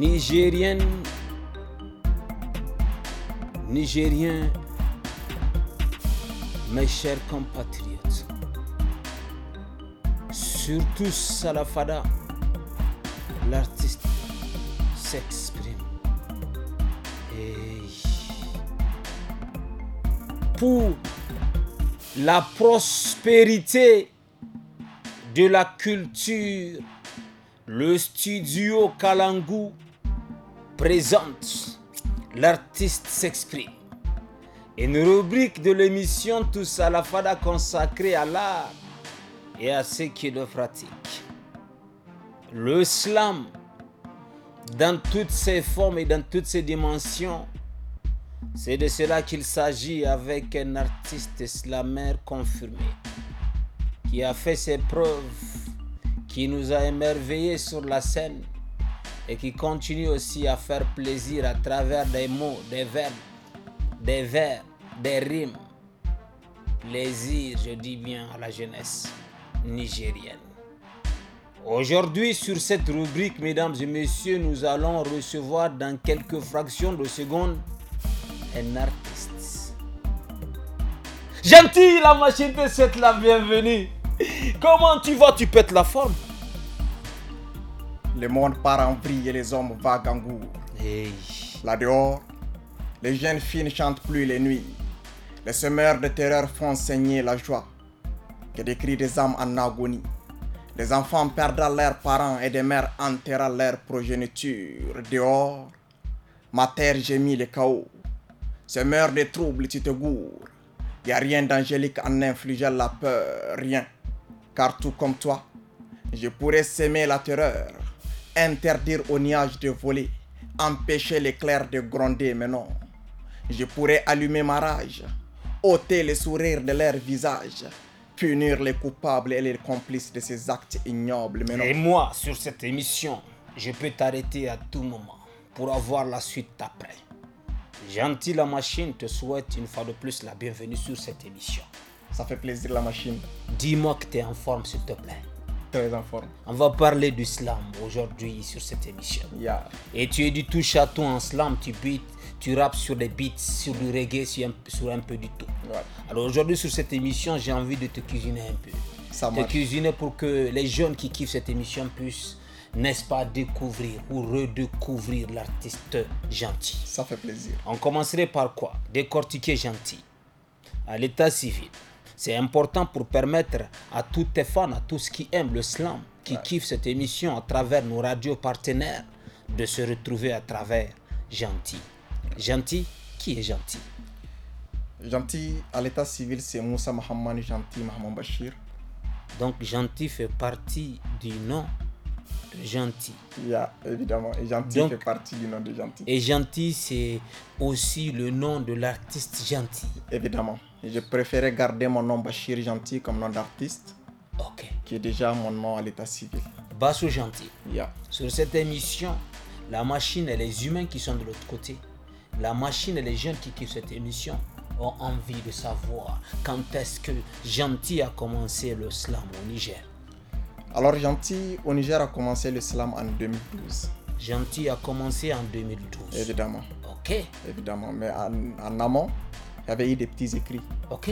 Nigérien, nigérien, mes chers compatriotes, surtout Salafada, l'artiste s'exprime. Et pour la prospérité de la culture, le studio Kalangu présente L'artiste s'exprime. Une rubrique de l'émission Tous à la Fada consacrée à l'art et à ceux qui le pratiquent. Le slam, dans toutes ses formes et dans toutes ses dimensions, c'est de cela qu'il s'agit avec un artiste slammer confirmé, qui a fait ses preuves, qui nous a émerveillés sur la scène et qui continue aussi à faire plaisir à travers des mots, des verbes, des vers, des rimes. Plaisir, je dis bien, à la jeunesse nigérienne. Aujourd'hui, sur cette rubrique, mesdames et messieurs, nous allons recevoir dans quelques fractions de secondes un artiste. Gentil, la machine te souhaite la bienvenue. Comment tu vas Tu pètes la forme le monde part en vrille et les hommes vaguent en goût. Là dehors, les jeunes filles ne chantent plus les nuits. Les semeurs de terreur font saigner la joie. Que des des âmes en agonie. Les enfants perdent leurs parents et des mères enterrent leurs progéniture. Dehors, ma terre gémit le chaos. Semeur de troubles, tu te gourres. Y a rien d'angélique en infligeant la peur, rien. Car tout comme toi, je pourrais s'aimer la terreur interdire au niage de voler, empêcher l'éclair de gronder, mais non. Je pourrais allumer ma rage, ôter le sourire de leur visage, punir les coupables et les complices de ces actes ignobles, mais non. Et moi, sur cette émission, je peux t'arrêter à tout moment pour avoir la suite après. Gentil la machine te souhaite une fois de plus la bienvenue sur cette émission. Ça fait plaisir la machine. Dis-moi que tu es en forme s'il te plaît. Très en forme. On va parler du slam aujourd'hui sur cette émission. Et tu es du tout chaton en slam, tu beats, tu rappes sur des beats, sur du reggae, sur un, peu du tout. Alors aujourd'hui sur cette émission, j'ai envie de te cuisiner un peu. Ça te cuisiner pour que les jeunes qui kiffent cette émission puissent n'est-ce pas, découvrir ou redécouvrir l'artiste gentil. Ça fait plaisir. On commencerait par quoi Décortiquer gentil. À l'état civil, c'est important pour permettre à tous tes fans, à tous qui aiment le slam, qui kiffent cette émission à travers nos radios partenaires, de se retrouver à travers Gentil. Gentil, qui est gentil Gentil, à l'état civil, c'est Moussa Mohamed Gentil Mohamed Bachir. Donc Gentil fait partie du nom gentil. Yeah, évidemment, et gentil fait partie du nom de gentil. Et gentil, c'est aussi le nom de l'artiste gentil. Évidemment, je préférais garder mon nom Bachir Gentil comme nom d'artiste, Ok. qui est déjà mon nom à l'état civil. Basso Gentil. Yeah. Sur cette émission, la machine et les humains qui sont de l'autre côté, la machine et les gens qui quittent cette émission ont envie de savoir quand est-ce que Gentil a commencé le slam au Niger. Alors Gentil, au Niger, a commencé le slam en 2012. Gentil a commencé en 2012. Évidemment. Ok. Évidemment, mais en, amont, il y avait eu des petits écrits. Ok.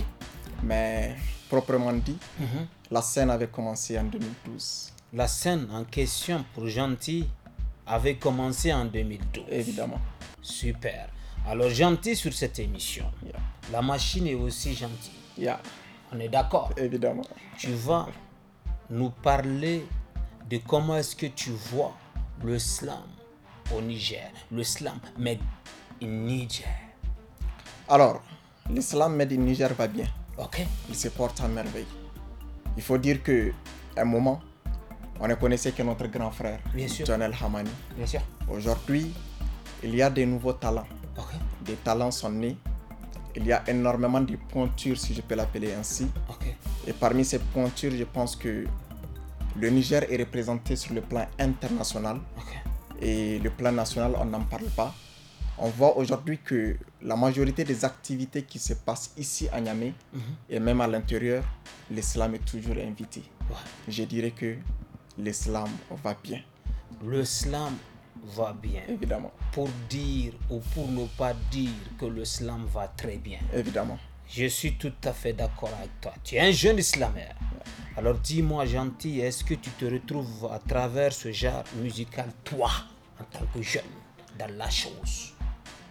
Mais proprement dit, mhm. la scène avait commencé en 2012. La scène en question pour Gentil avait commencé en 2012. Évidemment. Super. Alors Gentil sur cette émission. La machine est aussi gentille. Yeah. On est d'accord Évidemment. Tu vas nous parler de comment est-ce que tu vois le slam au Niger, le slam made in Niger. Alors, le slam made in Niger va bien. Ok. Il se porte à merveille. Il faut dire que à un moment, on ne connaissait que notre grand frère, Jonel Hamani. Bien sûr. Aujourd'hui, il y a des nouveaux talents. Ok. Des talents sont nés. Il y a énormément de pointures, si je peux l'appeler ainsi. Ok. Et parmi ces pointures, je pense que le Niger est représenté sur le plan international et le plan national, on n'en parle pas. On voit aujourd'hui que la majorité des activités qui se passent ici à Niamey mhm. et même à l'intérieur, l'islam est toujours invité. Je dirais que l'islam va bien. L'islam va bien. Évidemment. Pour dire ou pour ne pas dire que l'islam va très bien. Évidemment. Je suis tout à fait d'accord avec toi. Tu es un jeune islamère. Alors dis-moi gentil, est-ce que tu te retrouves à travers ce genre musical, toi, en tant que jeune, dans la chose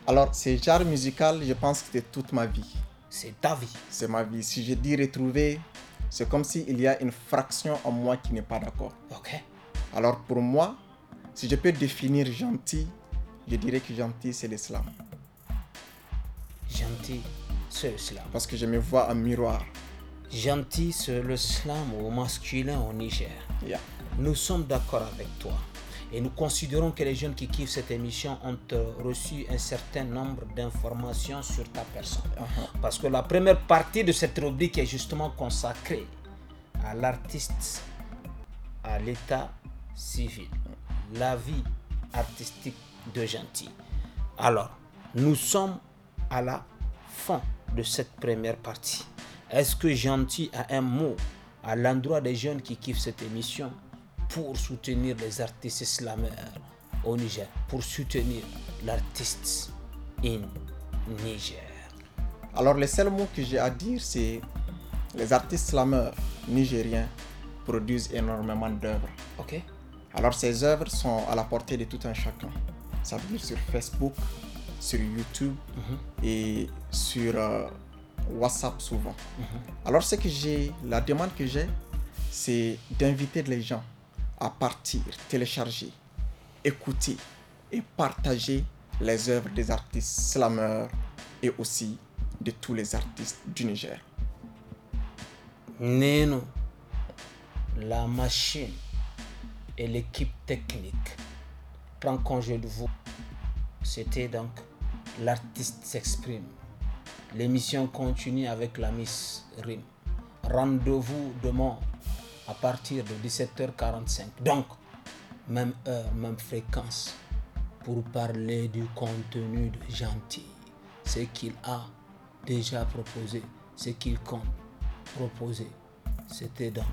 Alors ce genre musical, je pense que c'est toute ma vie. C'est ta vie. C'est ma vie. Si je dis retrouver, c'est comme s'il y a une fraction en moi qui n'est pas d'accord. Ok. Alors pour moi, si je peux définir gentil, je dirais que gentil, c'est l'islam. Gentil, c'est l'islam. Parce que je me vois en miroir gentil sur le slam au masculin au Niger. Nous sommes d'accord avec toi. Et nous considérons que les jeunes qui kiffent cette émission ont euh, reçu un certain nombre d'informations sur ta personne. Uh-huh. Parce que la première partie de cette rubrique est justement consacrée à l'artiste, à l'état civil, la vie artistique de Gentil. Alors, nous sommes à la fin de cette première partie. Est-ce que Gentil a un mot à l'endroit des jeunes qui kiffent cette émission pour soutenir les artistes slameurs au Niger, pour soutenir l'artiste in Niger Alors, le seul mot que j'ai à dire, c'est les artistes slameurs nigériens produisent énormément d'œuvres. Ok. Alors, ces œuvres sont à la portée de tout un chacun. Ça veut dire sur Facebook, sur YouTube mhm. et sur. Euh, WhatsApp souvent. Mhm. Alors, ce que j'ai, la demande que j'ai, c'est d'inviter les gens à partir, télécharger, écouter et partager les œuvres des artistes slameurs et aussi de tous les artistes du Niger. Neno, la machine et l'équipe technique prend congé de vous. C'était donc l'artiste s'exprime. L'émission continue avec la Miss Rim. Rendez-vous demain à partir de 17h45. Donc, même heure, même fréquence pour parler du contenu de Gentil. Ce qu'il a déjà proposé, ce qu'il compte proposer. C'était donc